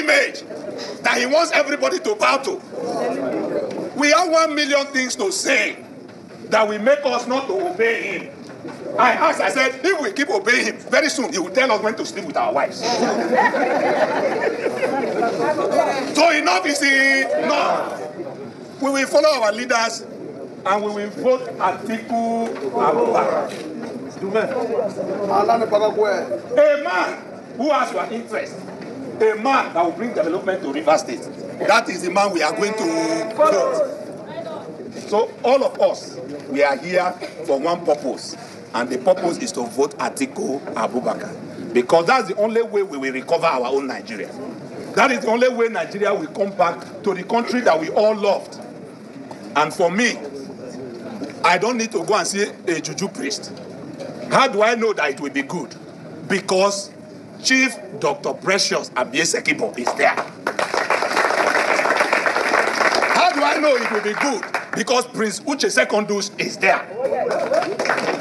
image that he wants everybody to bow to. We have one million things to say that will make us not to obey him. I asked, I said, if we keep obeying him, very soon he will tell us when to sleep with our wives. so enough is enough. We will follow our leaders and we will vote Atiku Abubakar. A man who has your interest a man that will bring development to River State. That is the man we are going to vote. So all of us, we are here for one purpose, and the purpose is to vote Atiku Abubakar, because that's the only way we will recover our own Nigeria. That is the only way Nigeria will come back to the country that we all loved. And for me, I don't need to go and see a juju priest. How do I know that it will be good? Because Chief Dr. Precious Abiesekibo is there. How do I know it will be good? Because Prince Uche Secondus is there.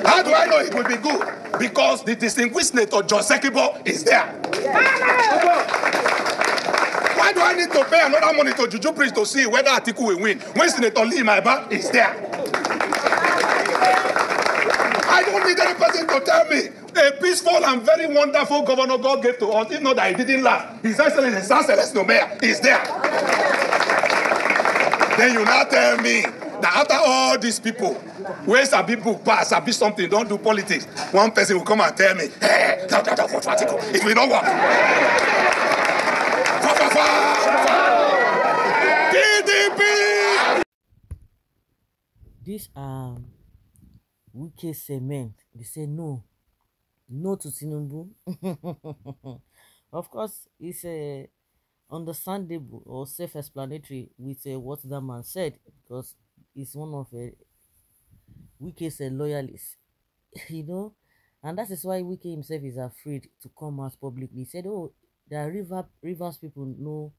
How do I know it will be good? Because the distinguished senator John Sekibo is there. Why do I need to pay another money to Juju Prince to see whether Atiku will win when Senator Lee Maiba is there? I don't need any person to tell me a peaceful and very wonderful governor God gave to us, if not that he didn't last. His Excellency, His Excellency Nomea, is there. then you now tell me that after all these people, where Sabi book pass, a Sabi something, don't do politics, one person will come and tell me, hey, that, that, that, that, it will not work. PDP! These are um, wicked cement. They say no no to Tinubu. of course, it's uh, understandable or self-explanatory with uh, what that man said because he's one of the uh, Wike's uh, loyalists, you know, and that is why Wike himself is afraid to come out publicly. He said, "Oh, the river rivers people know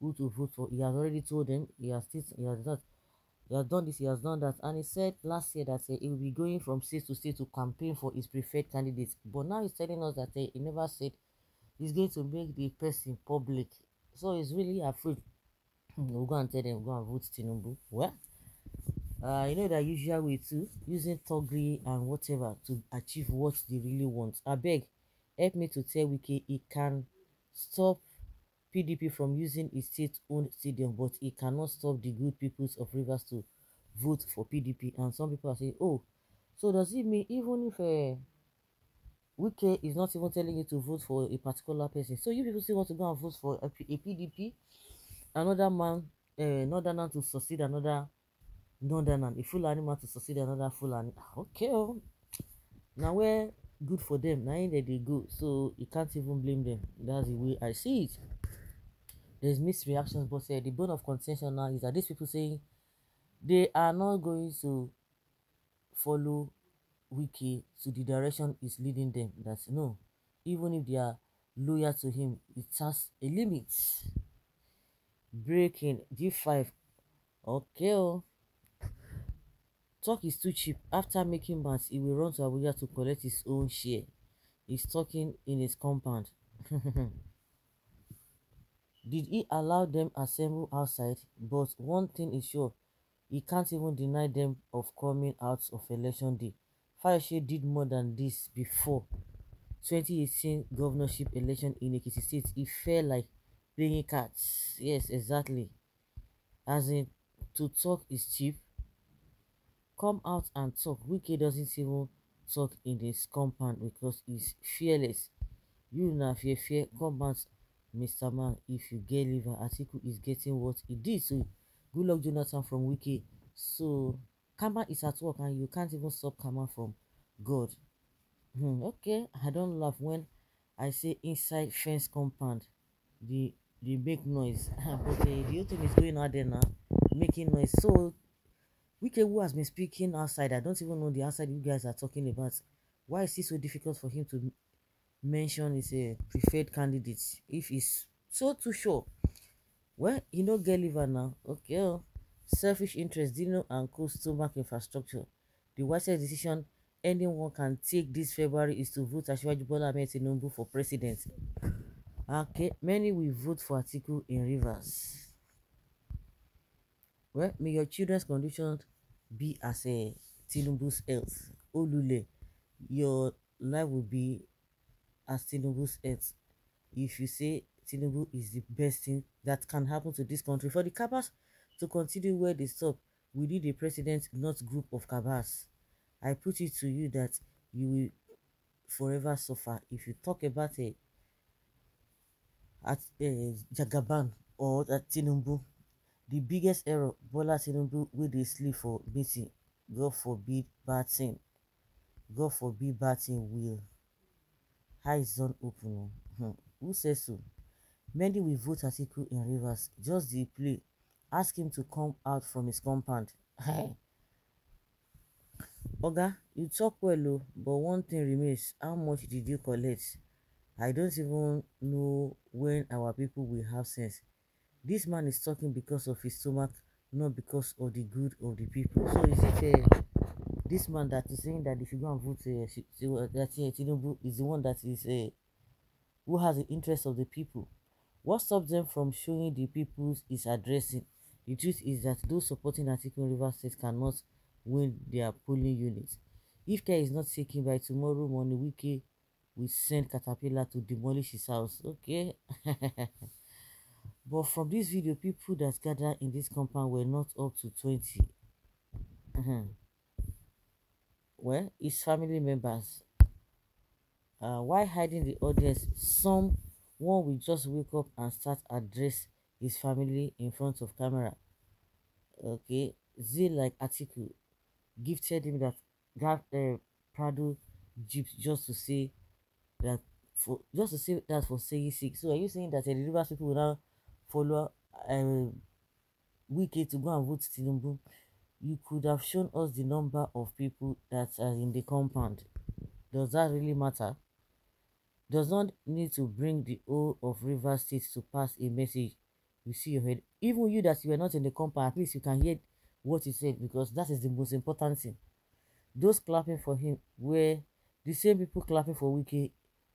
who to vote for." He has already told them. He has still he has not he has done this, he has done that. And he said last year that uh, eh, he will be going from state to state to campaign for his preferred candidates. But now he's telling us that uh, he never said he's going to make the person public. So he's really afraid. we'll go and tell them, go and vote Tinubu. Well, uh, you know that usual way too, using toggery and whatever to achieve what they really want. I beg, help me to tell Wiki he can stop PDP from using its state-owned stadium, but it cannot stop the good peoples of Rivers to vote for PDP. And some people are saying, oh, so does it mean even if uh, Wike is not even telling you to vote for a particular person, so you people still want to go and vote for a, P- a PDP, another man, uh, man to succeed another man, a full animal to succeed another full animal. Ah, okay, oh. now we're good for them, now in they go, so you can't even blame them. That's the way I see it there's misreactions, reactions, but uh, the bone of contention now is that these people saying they are not going to follow Wiki to the direction is leading them. That's no, even if they are loyal to him, it has a limit. Breaking D5. Okay. Oh. Talk is too cheap. After making bats, he will run to Abuja to collect his own share. He's talking in his compound. Did he allow them assemble outside? But one thing is sure, he can't even deny them of coming out of election day. Fayose did more than this before 2018 governorship election in Ekiti State. It e felt like playing cards. Yes, exactly. As in, to talk is cheap. Come out and talk. Wike doesn't even talk in his compound because he's fearless. You na fear fear out. Mr. Man, if you get liver, Atiku is getting what he did. So, good luck, Jonathan from Wiki. So, karma is at work, and you can't even stop karma from God. Hmm, okay, I don't laugh when I say inside fence compound. The they make noise, but uh, the other thing is going out there now, making noise. So, Wiki who has been speaking outside, I don't even know the outside you guys are talking about. Why is it so difficult for him to mention is a preferred candidate if he's so too sure well you know, get liver now okay oh selfish interest dino and to mark infrastructure the wisest decision anyone can take this february is to vote asiwaju bola ahmed tinubu for president okay many will vote for atiku in rivers well may your children's condition be as a tinubu's health olule your life will be as Tinubu's health. If you say Tinubu is the best thing that can happen to this country, for the Kabas to continue where they stop, we need a president, not group of Kabas. I put it to you that you will forever suffer if you talk about it at uh, Jagaban or at Tinubu. The biggest error Bola Tinubu wey they sleep for meeting, God forbid bad thing. God forbid bad thing will eyes don't open. Oh. Who says so? Many will vote Atiku in Rivers. Just the play. Ask him to come out from his compound. Oga, you talk well, oh, but one thing remains. How much did you collect? I don't even know when our people will have sense. This man is talking because of his stomach, not because of the good of the people. So is it a... Uh, eh? this man that is saying that if you go and vote uh, she, she, uh, that uh, Tinubu is the one that is uh, who has the interest of the people. What stops them from showing the people is addressing? The truth is that those supporting Atiku Rivers State cannot win their polling units. If care is not taken by tomorrow morning, Wike will send Caterpillar to demolish his house. Okay. but from this video, people that gathered in this compound were not up to 20 well his family members uh, why hiding the audience someone will just wake up and start address his family in front of camera okay z like article, gifted him that that uh, Prado jeep just to say that for just to say that for saying sick so are you saying that eh, the Rivers people will now follow um, Wike to go and vote Tinubu You could have shown us the number of people that are in the compound. Does that really matter? Does not need to bring the whole of River State to pass a message. You see your head. Even you that you are not in the compound, at least you can hear what he said because that is the most important thing. Those clapping for him were the same people clapping for Wike,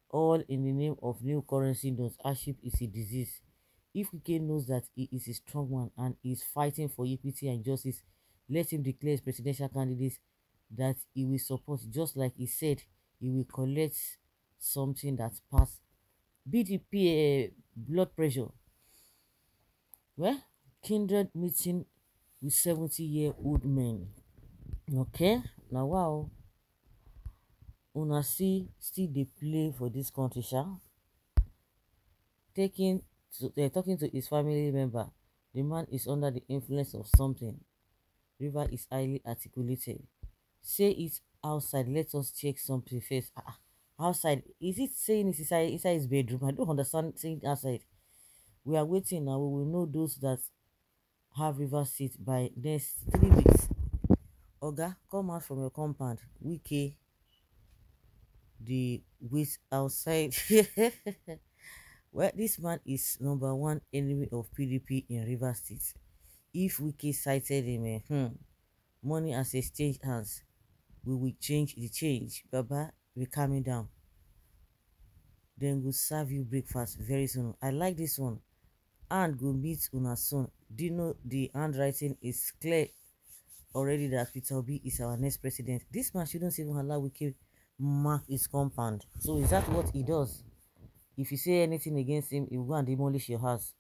all in the name of new currency notes. Hardship is a disease. If Wike knows that he is a strong man and is fighting for equity and justice, Let him declare his presidential candidates that he will support, just like he said he will collect something that's passed BDP uh, eh, blood pressure. Well, kindred meeting with 70 year old men. Okay, now wow. Una see still the play for this country sha. Taking to, uh, talking to his family member, the man is under the influence of something. River is highly articulated. Say it outside. Let us check something first. Ah, ah, outside. Is it saying it's inside, inside his bedroom? I don't understand saying outside. We are waiting now. We will know those that have river seat by next three weeks. Oga, come out from your compound. Wiki. the waste outside. well, this man is number one enemy of PDP in River State. If Wike cited him eh, hmm, um money as exchange hands, we will change the change. Baba, we coming down. Then go serve you breakfast very soon. I like this one. And go meet una soon. know the handwriting is clear already that Peter Obi is our next president. This man shouldn't even allow Wike mark his compound. So is that what he does? If you say anything against him, he will go and demolish your house.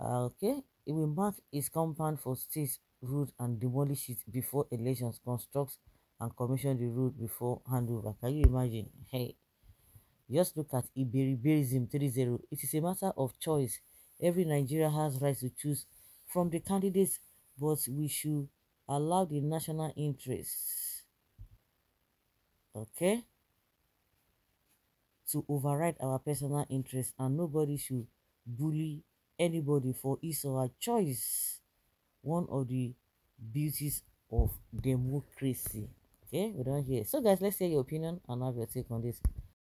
Uh, okay. He will mark his compound for state road and demolish it before elections, construct and commission the road before handover. Can you imagine? Hey, just look at Iberiberism 3.0. It is a matter of choice. Every Nigerian has right to choose from the candidates, but we should allow the national interest. okay, to override our personal interests, and nobody should bully anybody for his or her choice. One of the beauties of democracy. Okay, we're done here. So, guys, let's hear your opinion and have your take on this.